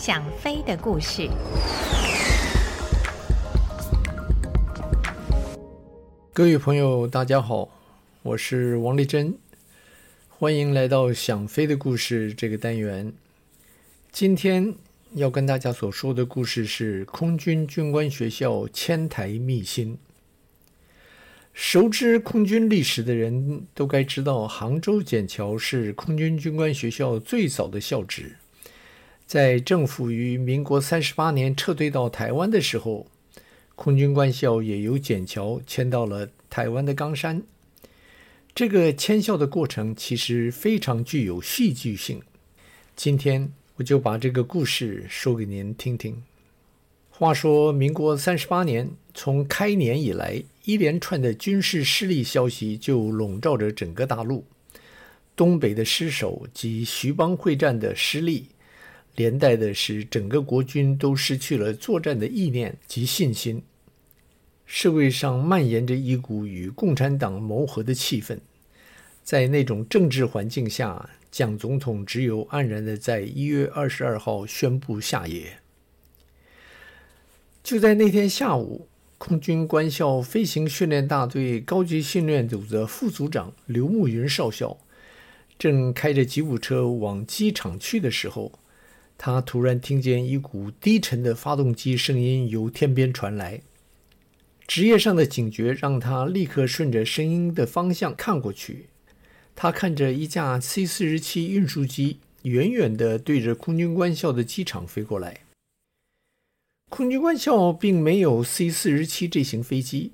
想飛的故事，各位朋友，大家好，我是王麗珍，歡迎來到想飛的故事這個單元。今天要跟大家所說的故事是空軍軍官學校遷台秘辛。熟知空軍歷史的人都該知道，杭州筧橋是空軍軍官學校最早的校址。在政府於民國三十八年撤退到台灣的時候，空軍官校也由筧橋遷到了台灣的岡山。這個遷校的過程其實非常具有戲劇性。今天我就把這個故事說給您聽聽。話說民國三十八年，從開年以來，一連串的軍事失利消息就籠罩着整個大陸，東北的失守及徐蚌會戰的失利。連帶的是，整個國軍都失去了作戰的意念及信心。社會上蔓延着一股與共產黨謀和的氣氛。在那種政治環境下，蔣總統只有黯然的在一月二十二號宣布下野。就在那天下午，空軍官校飛行訓練大隊高級訓練組的副組長劉慕雲少校，正開着吉普車往機場去的時候。他突然聽見一股低沉的發動機聲音由天邊傳來，職業上的警覺讓他立刻順着聲音的方向看過去。他看着一架 C 四十七運輸機遠遠地對着空軍官校的機場飛過來。空軍官校並沒有 C 四十七這型飛機，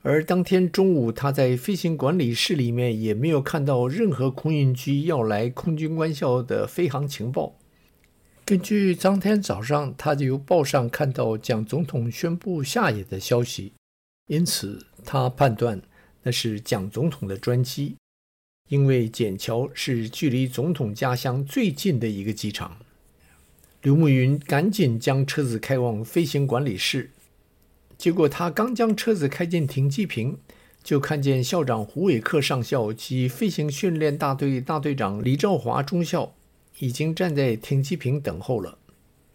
而當天中午他在飛行管理室裡面也沒有看到任何空運機要來空軍官校的飛航情報。根據當天早上他就由報上看到蔣總統宣布下野的消息，因此他判斷那是蔣總統的專機，因為筧橋是距離總統家鄉最近的一個機場。劉慕雲趕緊將車子開往飛行管理室，結果他剛將車子開進停機坪，就看見校長胡偉克上校及飛行訓練大隊大隊大隊長李兆華中校，已經站在停機坪等候了，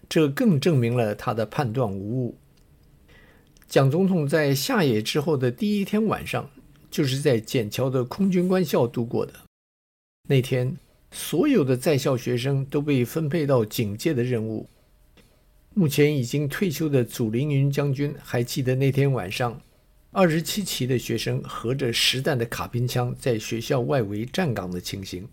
這更證明了他的判斷無誤。蔣總統在下野之後的第一天晚上，就是在筧橋的空軍官校度過的。那天，所有的在校學生都被分配到警戒的任務。目前已經退休的祖凌雲將軍還記得那天晚上，二十七期的學生合着實彈的卡賓槍在學校外圍站崗的情形。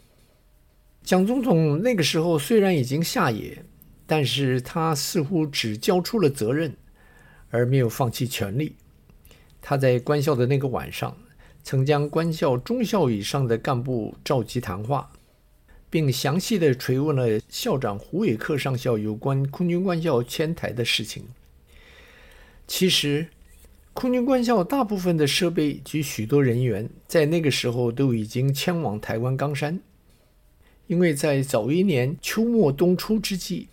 蔣總統那個時候雖然已經下野，但是他似乎只交出了責任，而沒有放棄權力。他在官校的那個晚上，曾將官校中校以上的幹部召集談話，並詳細地詢問了校長胡偉克上校有關空軍官校遷台的事情。其實，空軍官校大部分的設備及許多人員在那個時候都已經遷往台灣岡山。因為在早一年秋末冬初之際,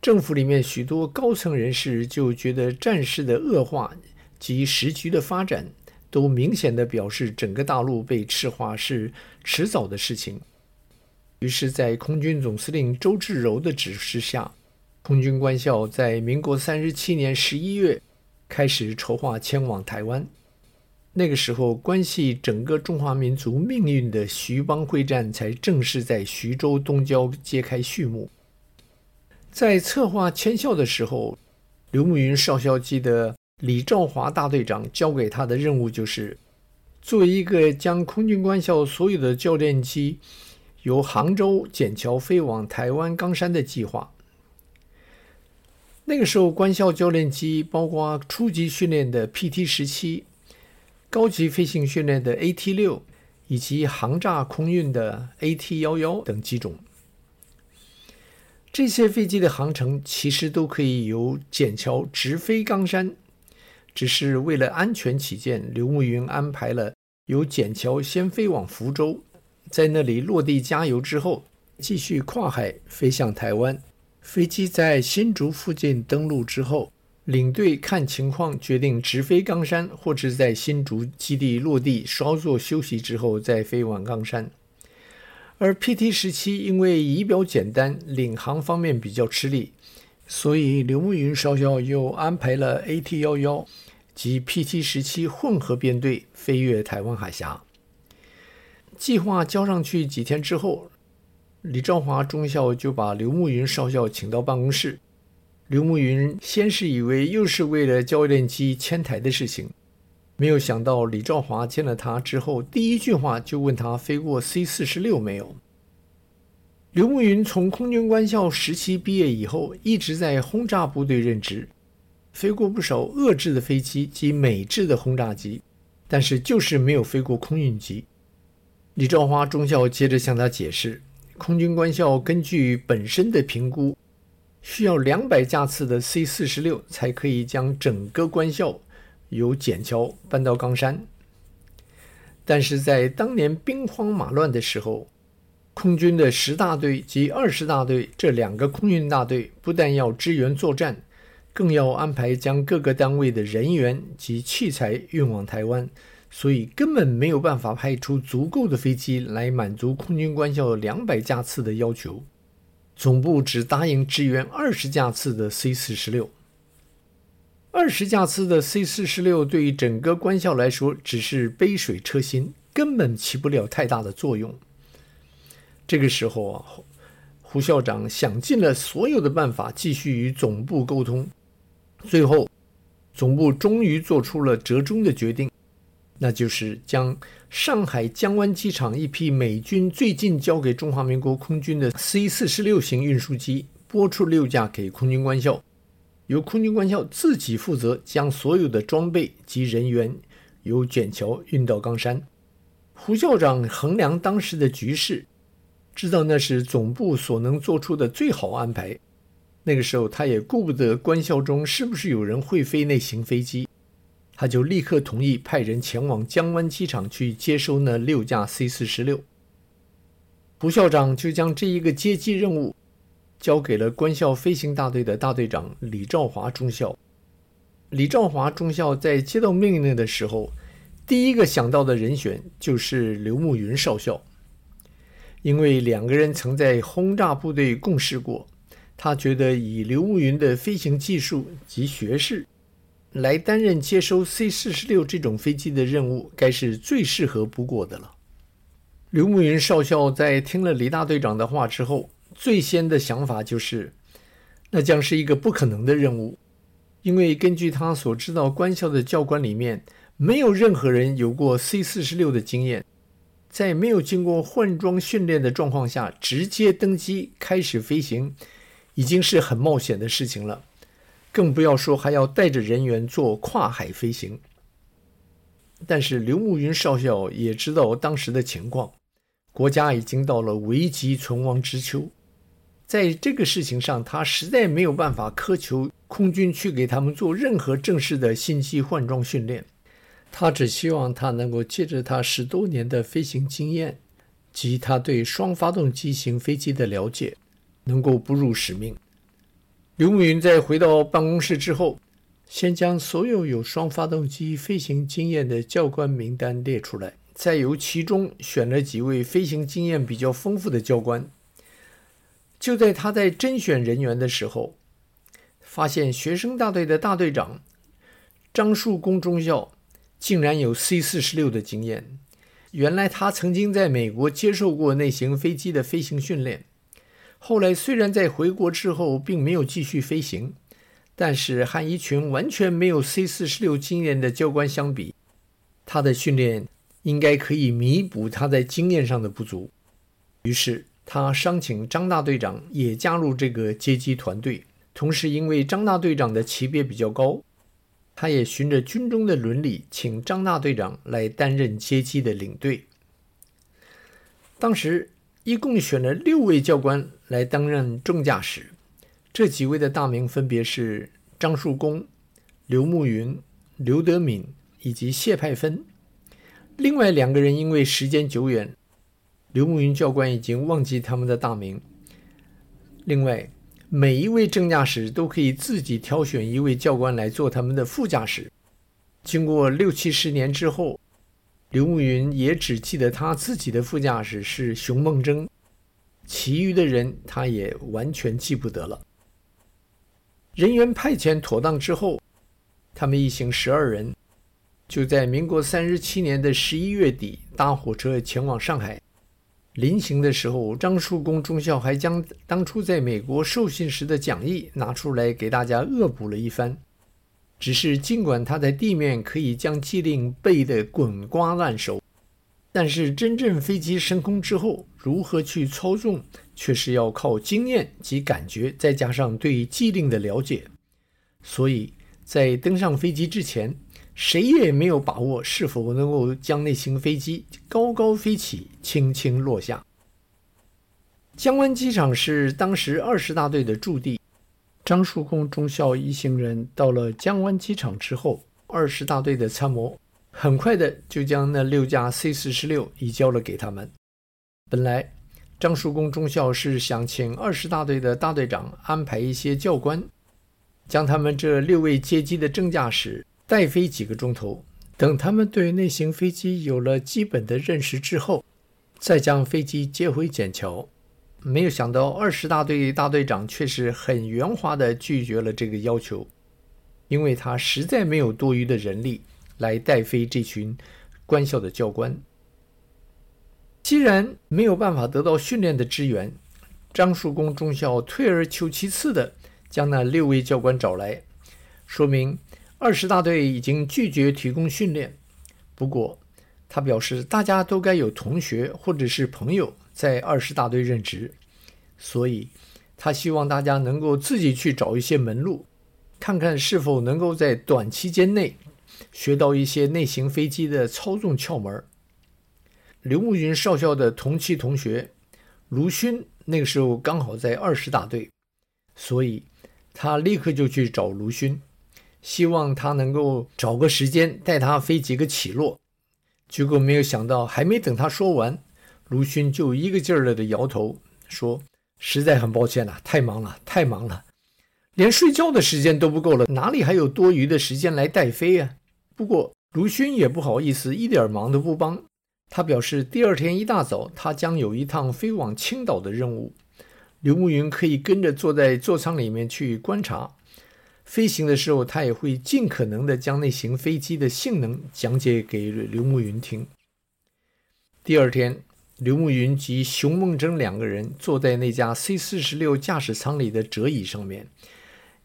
政府裡面許多高層人士就覺得戰事的惡化及時局的發展都明顯地表示整個大陸被赤化是遲早的事情。於是，在空軍總司令周至柔的指示下，空軍官校在民國三十七年十一月開始籌劃遷往台灣。那個時候，關係整個中華民族命運的徐蚌會戰才正式在徐州東郊揭開序幕。在策劃遷校的時候，劉慕雲少校記得李兆華大隊長交給他的任務就是，做一個將空軍官校所有的教練機由杭州筧橋飛往台灣岡山的計劃。那個時候，官校教練機包括初級訓練的 PT 十七。17，高級飛行訓練的 AT 六，以及航炸空運的 AT 幺幺等機種，這些飛機的航程其實都可以由筧橋直飛崗山，只是為了安全起見，劉慕雲安排了由筧橋先飛往福州，在那裡落地加油之後，繼續跨海飛向台灣。飛機在新竹附近登陸之後，領隊看情況，決定直飛岡山，或者在新竹基地落地稍作休息之後再飛往岡山。而 PT 十七因為儀表簡單，領航方面比較吃力，所以劉慕雲少校又安排了 AT 幺幺及 PT 十七混合編隊飛越台灣海峽。計劃交上去幾天之後，李兆華中校就把劉慕雲少校請到辦公室。劉慕雲先是以為又是為了教練機遷台的事情，沒有想到李兆華見了他之後，第一句話就問他飛過 C 四十六沒有。劉慕雲從空軍官校時期畢業以後，一直在轟炸部隊任職，飛過不少俄製的飛機及美製的轟炸機，但是就是沒有飛過空運機。李兆華中校接着向他解釋，空軍官校根據本身的評估。需要兩百架次的 C 四十六才可以將整個官校由筧橋搬到岡山，但是在當年兵荒馬亂的時候，空軍的十大隊及二十大隊這兩個空運大隊不但要支援作戰，更要安排將各個單位的人員及器材運往台灣，所以根本沒有辦法派出足夠的飛機來滿足空軍官校兩百架次的要求。總部只答應支援二十架次的 C 四十六，二十架次的 C 四十六對於整個官校來說只是杯水車薪，根本起不了太大的作用。這個時候啊，胡校長想盡了所有的辦法，繼續與總部溝通，最後，總部終於做出了折中的決定。那就是將上海江灣機場一批美軍最近交給中華民國空軍的 C 四十六型運輸機撥出六架給空軍官校，由空軍官校自己負責將所有的裝備及人員由筧橋運到岡山。胡校長衡量當時的局勢，知道那是總部所能做出的最好安排。那個時候他也顧不得官校中是不是有人會飛那型飛機。他就立刻同意派人前往江灣機場去接收那六架 C 四十六。胡校長就將這一個接機任務交給了官校飛行大隊的大隊長李兆華中校。李兆華中校在接到命令的時候，第一個想到的人選就是劉慕雲少校，因為兩個人曾在轟炸部隊共事過，他覺得以劉慕雲的飛行技術及學識，來擔任接收 C 四十六這種飛機的任務，該是最適合不過的了。劉慕雲少校在聽了李大隊長的話之後，最先的想法就是，那將是一個不可能的任務，因為根據他所知道官校的教官裡面，沒有任何人有過 C 四十六的經驗，在沒有經過換裝訓練的狀況下直接登機開始飛行，已經是很冒險的事情了。更不要說還要帶着人員做跨海飛行。但是劉慕雲少校也知道當時的情況，國家已經到了危急存亡之秋，在這個事情上，他實在沒有辦法苛求空軍去給他們做任何正式的新機換裝訓練。他只希望他能夠借着他十多年的飛行經驗及他對雙發動機型飛機的了解，能夠不辱使命。劉慕雲在回到辦公室之後，先將所有有雙發動機飛行經驗的教官名單列出來，再由其中選了幾位飛行經驗比較豐富的教官。就在他在甄選人員的時候，發現學生大隊的大隊長張樹功中校竟然有 C 四十六的經驗。原來他曾經在美國接受過那型飛機的飛行訓練。後來雖然在回國之後並沒有繼續飛行，但是和一群完全沒有 C 四十六經驗的教官相比，他的訓練應該可以彌補他在經驗上的不足。於是他商請張大隊長也加入這個接機團隊，同時因為張大隊長的級別比較高，他也循着軍中的倫理，請張大隊長來擔任接機的領隊。當時一共選了六位教官。來擔任正駕駛，這幾位的大名分別是張樹功、劉慕雲、劉德敏以及謝派芬。另外兩個人因為時間久遠，劉慕雲教官已經忘記他們的大名。另外，每一位正駕駛都可以自己挑選一位教官來做他們的副駕駛。經過六七十年之後，劉慕雲也只記得他自己的副駕駛是熊夢征。其餘的人他也完全記不得了。人員派遣妥當之後，他們一行十二人，就在民國三十七年的十一月底搭火車前往上海。臨行的時候，張樹公中校還將當初在美國受訓時的講義拿出來給大家惡補了一番。只是儘管他在地面可以將既令背得滾瓜爛熟。但是，真正飛機升空之後，如何去操縱，卻是要靠經驗及感覺，再加上對機令的了解。所以，在登上飛機之前，誰也沒有把握是否能夠將那型飛機高高飛起，輕輕落下。江灣機場是當時二十大隊的駐地。張樹空中校一行人到了江灣機場之後，二十大隊的參謀。很快的就將那六架 C 四十六移交了給他們。本來張叔公中校是想請二十大隊的大隊長安排一些教官，將他們這六位接機的正駕駛帶飛幾個鐘頭，等他們對那型飛機有了基本的認識之後，再將飛機接回筧橋。沒有想到二十大隊大隊長卻是很圓滑的拒絕了這個要求，因為他實在沒有多餘的人力。來帶飛這群官校的教官。既然沒有辦法得到訓練的支援，張樹公中校退而求其次的將那六位教官找來，說明二十大隊已經拒絕提供訓練。不過，他表示大家都該有同學或者是朋友在二十大隊任職，所以他希望大家能夠自己去找一些門路，看看是否能夠在短期間內。學到一些內型飛機的操縱竅門。劉慕雲少校的同期同學盧勳，那個時候剛好在二十大隊，所以他立刻就去找盧勳，希望他能夠找個時間帶他飛幾個起落。結果沒有想到，還沒等他說完，盧勳就一個勁兒的搖頭說：“實在很抱歉吶、啊，太忙了，太忙了，連睡覺的時間都不夠了，哪裡還有多餘的時間來帶飛呀、啊？”不過，盧勳也不好意思，一點忙都不幫。他表示，第二天一大早，他將有一趟飛往青島的任務。劉慕雲可以跟着坐在座艙裡面去觀察。飛行的時候，他也會盡可能的將那型飛機的性能講解給劉慕雲聽。第二天，劉慕雲及熊夢真兩個人坐在那架 C 四十六駕駛艙裡的折椅上面。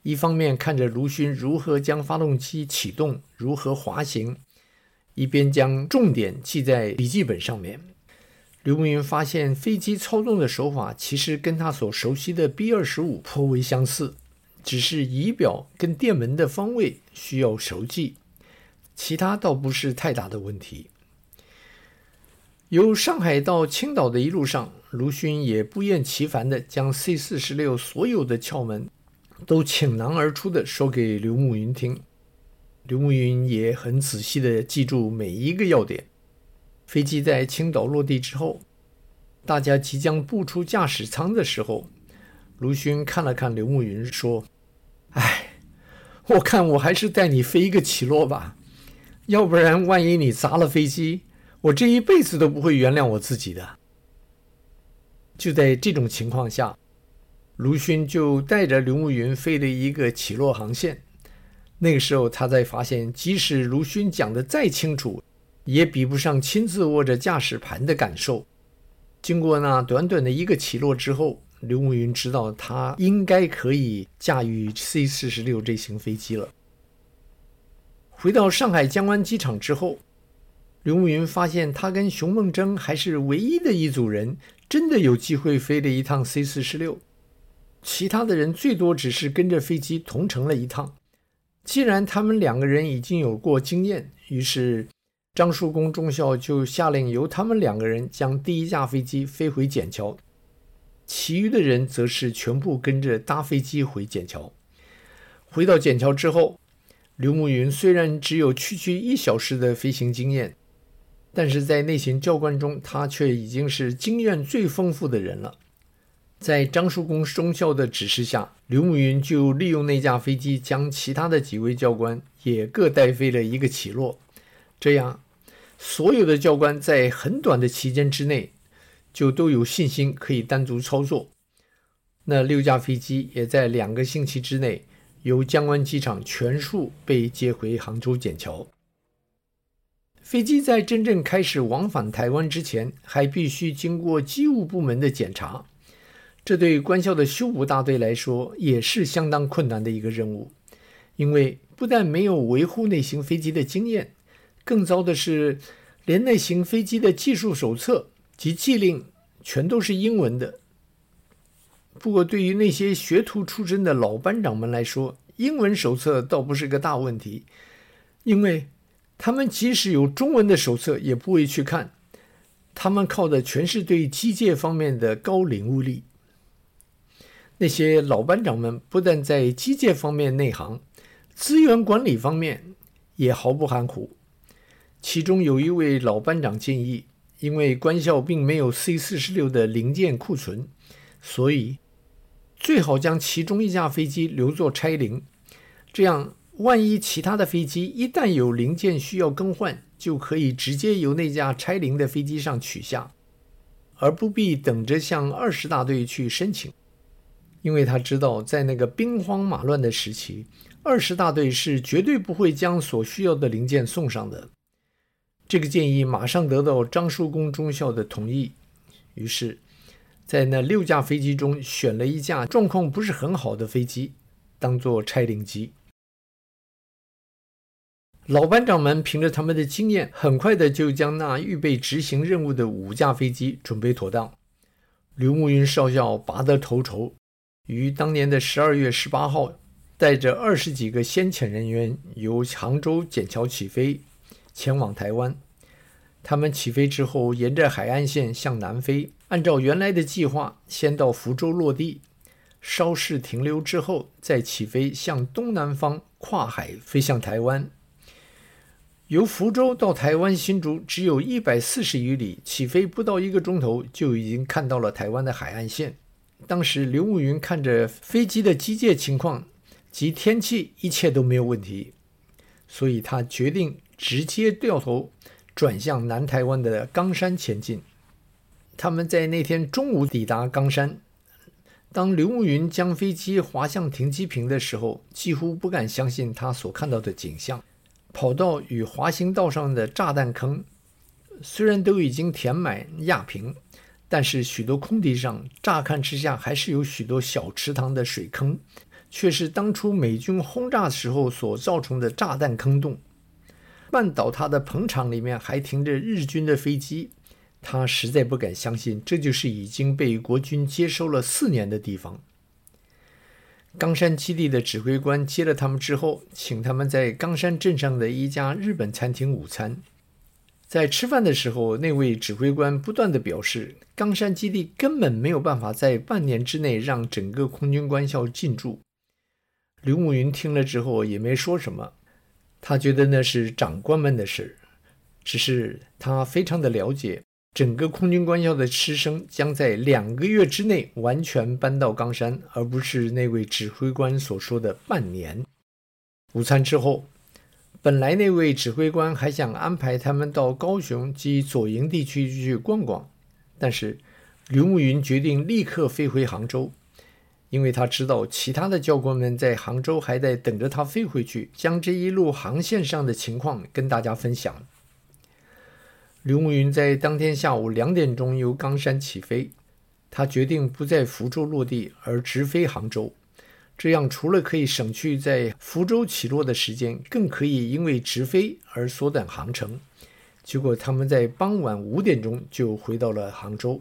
一方面看着盧勳如何將發動機啟動，如何滑行，一邊將重點記在筆記本上面。劉明雲發現飛機操縱的手法其實跟他所熟悉的 B 二十五頗為相似，只是儀表跟電門的方位需要熟記，其他倒不是太大的問題。由上海到青島的一路上，盧勳也不厭其煩的將 C 四十六所有的竅門。都傾囊而出的說給劉牧雲聽，劉牧雲也很仔細的記住每一個要點。飛機在青島落地之後，大家即將步出駕駛艙的時候，盧勳看了看劉牧雲說：“哎，我看我還是帶你飛一個起落吧，要不然萬一你砸了飛機，我這一輩子都不會原諒我自己的。”就在這種情況下。盧勳就帶着劉慕雲飛了一個起落航線。那個時候，他才發現，即使盧勳講得再清楚，也比不上親自握着駕駛盤的感受。經過那短短的一個起落之後，劉慕雲知道他應該可以駕馭 C 四十六這型飛機了。回到上海江灣機場之後，劉慕雲發現，他跟熊夢徵還是唯一的一組人，真的有機會飛了一趟 C 四十六。其他的人最多只是跟着飛機同乘了一趟。既然他們兩個人已經有過經驗，於是張樹公中校就下令由他們兩個人將第一架飛機飛回筧橋，其餘的人則是全部跟着搭飛機回筧橋。回到筧橋之後，劉慕雲雖然只有區區一小時的飛行經驗，但是在那群教官中，他卻已經是經驗最豐富的人了。在張叔公中校的指示下，劉慕雲就利用那架飛機，將其他的幾位教官也各帶飛了一個起落。這樣，所有的教官在很短的期間之內，就都有信心可以單獨操作。那六架飛機也在兩個星期之內，由江灣機場全數被接回杭州筧橋。飛機在真正開始往返台灣之前，還必須經過機務部門的檢查。這對官校的修護大隊來說，也是相當困難的一個任務，因為不但沒有維護那型飛機的經驗，更糟的是，連那型飛機的技術手冊及技令全都是英文的。不過，對於那些學徒出身的老班長們來說，英文手冊倒不是個大問題，因為他們即使有中文的手冊，也不會去看，他們靠的全是對機械方面的高領悟力。那些老班長們不但在機械方面內行，資源管理方面也毫不含糊。其中有一位老班長建議，因為官校並沒有 C 四十六的零件庫存，所以最好將其中一架飛機留作拆零。這樣，萬一其他的飛機一旦有零件需要更換，就可以直接由那架拆零的飛機上取下，而不必等着向二十大隊去申請。因為他知道，在那個兵荒馬亂的時期，二十大隊是絕對不會將所需要的零件送上的。這個建議馬上得到張叔公中校的同意。於是，在那六架飛機中選了一架狀況不是很好的飛機，當做拆零機。老班長們憑着他們的經驗，很快的就將那預備執行任務的五架飛機準備妥當。劉慕雲少校拔得頭籌。於當年的十二月十八號，帶着二十幾個先遣人員，由杭州筧橋起飛，前往台灣。他們起飛之後，沿着海岸線向南飛，按照原來的計劃，先到福州落地，稍事停留之後，再起飛向東南方跨海飛向台灣。由福州到台灣新竹只有一百四十餘里，起飛不到一個鐘頭，就已經看到了台灣的海岸線。當時劉慕雲看着飛機的機械情況及天氣，一切都沒有問題，所以他決定直接掉頭轉向南台灣的岡山前進。他們在那天中午抵達岡山。當劉慕雲將飛機滑向停機坪的時候，幾乎不敢相信他所看到的景象：跑道與滑行道上的炸彈坑，雖然都已經填滿壓平。但是許多空地上，乍看之下還是有許多小池塘的水坑，却是當初美軍轟炸時候所造成的炸彈坑洞。半倒塌的棚廠裡面還停着日軍的飛機，他實在不敢相信，這就是已經被國軍接收了四年的地方。岡山基地的指揮官接了他們之後，請他們在岡山鎮上的一家日本餐廳午餐。在吃飯的時候，那位指揮官不斷地表示，岡山基地根本沒有辦法在半年之內讓整個空軍官校進駐。劉慕雲聽了之後也沒說什麼，他覺得那是長官們的事，只是他非常的了解，整個空軍官校的師生將在兩個月之內完全搬到岡山，而不是那位指揮官所說的半年。午餐之後，本來那位指揮官還想安排他們到高雄及左營地區去逛逛，但是劉慕雲決定立刻飛回杭州，因為他知道其他的教官們在杭州還在等着他飛回去，將這一路航線上的情況跟大家分享。劉慕雲在當天下午兩點鐘由崗山起飛，他決定不在福州落地，而直飛杭州。這樣除了可以省去在福州起落的時間，更可以因為直飛而縮短航程。結果，他們在傍晚五點鐘就回到了杭州。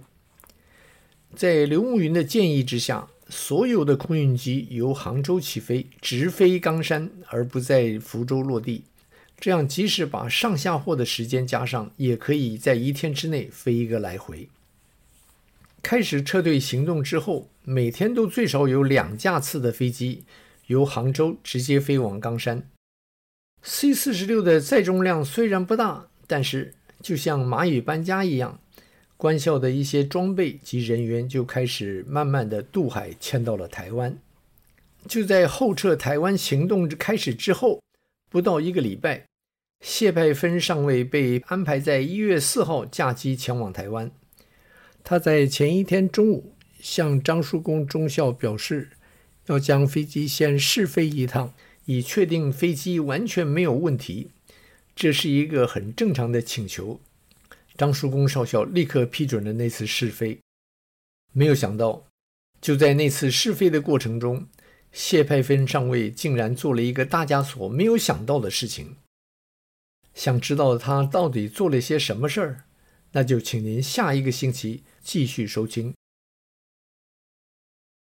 在劉慕雲的建議之下，所有的空運機由杭州起飛，直飛岡山，而不在福州落地。這樣，即使把上下貨的時間加上，也可以在一天之內飛一個來回。開始撤退行動之後，每天都最少有兩架次的飛機由杭州直接飛往岡山。C 四十六的載重量雖然不大，但是就像螞蟻搬家一樣，官校的一些裝備及人員就開始慢慢的渡海遷到了台灣。就在後撤台灣行動開始之後，不到一個禮拜，謝派芬上尉被安排在一月四號駕機前往台灣。他在前一天中午向張叔公中校表示，要將飛機先試飛一趟，以確定飛機完全沒有問題。這是一個很正常的請求。張叔公少校立刻批准了那次試飛。沒有想到，就在那次試飛的過程中，謝派芬上尉竟然做了一個大家所沒有想到的事情。想知道他到底做了些什麼事兒？那就請您下一個星期繼續收聽。